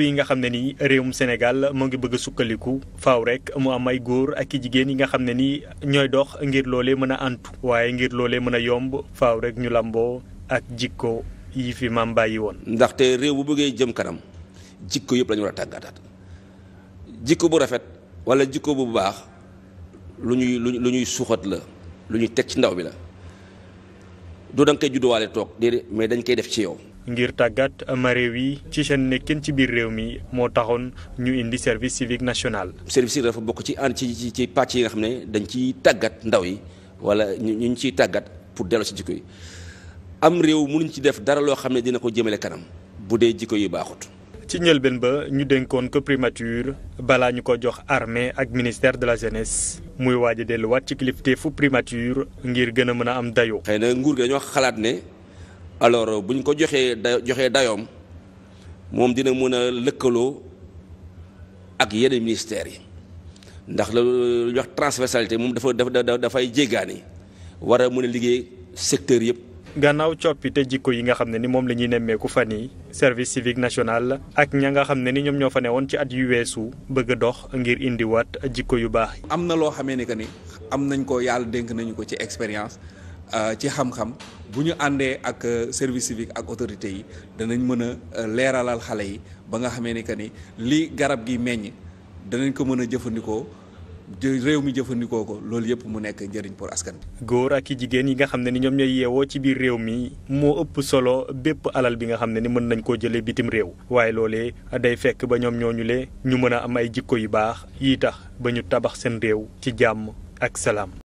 yi nga xam ne ni réewum Sénégal moo ngi bëgg sukkaliku faaw rek mu am ay góor ak i jigéen yi nga xam ne nii ñooy dox ngir loole mën a antu waaye ngir loolee mën a yomb faaw rek ñu lamboo ak jikko yi fi maam bàyyi woon. ndaxte réew bu bëggee jëm kanam jikko yëpp la ñu tàggataat jikko bu rafet wala jikko bu baax lu ñuy lu ñuy suuxat la lu ñuy teg ci ndaw bi la du da nga koy judduwaale toog déedéet mais dañ koy def ci yow. ngir tàggat ma réew yi ci seen nekkin ci biir réew mi moo taxoon ñu indi service civique national. service civique dafa bokk ci ànd ci ci ci pàcc yi nga xam ne dañ ciy tàggat ndaw yi wala ñu ñu ciy tàggat pour delloo si jikko yi am réew mu mënuñ ci def dara loo xam ne dina ko jëmale kanam bu dee jikko yu baaxut. ci njëlbeen ba ñu dénkoon ko primature balaa ñu ko jox armée ak ministère de la jeunesse muy waaj a delluwaat ci kilifteefu primature ngir gën a mën a am dayoo. xëy na nguur gi dañoo xalaat ne. alors bu ñu ko joxee da joxee dayoom moom dina mën a lëkkaloo ak yeneen ministères yi ndax la lu wax transversalité moom dafa dafa dafay jéggaani war a mën a liggéey secteur yëpp. gannaaw coppite jikko yi nga xam ne ni moom la ñuy nemmeeku fan yi service civique national ak ña nga xam ne ni ñoom ñoo fa ne woon ci at yu weesu bëgg a dox ngir indiwaat jikko yu baax am na loo xamee ni que ni am nañ ko yàlla dénk nañu ko ci expérience. Euh, ci xam-xam bu ñu àndee ak euh, service civique ak autorité yi danañ mën a euh, leeralal xale yi ba nga xamee ni que ni li garab gi meññ danañ ko mën a jëfandikoo réew mi jëfandikoo ko loolu yëpp mu nekk njëriñ pour askan bi góor ak i jigéen yi nga xam ne ni ñoom ñooy yeewoo ci biir réew mi moo ëpp solo bépp alal bi nga xam ne ni mën nañ koo jëlee bitim réew waaye loolee day fekk ba ñoom ñooñu le ñu mën a am ay jikko yu baax yi tax ba ñu tabax seen réew ci jàmm ak salaam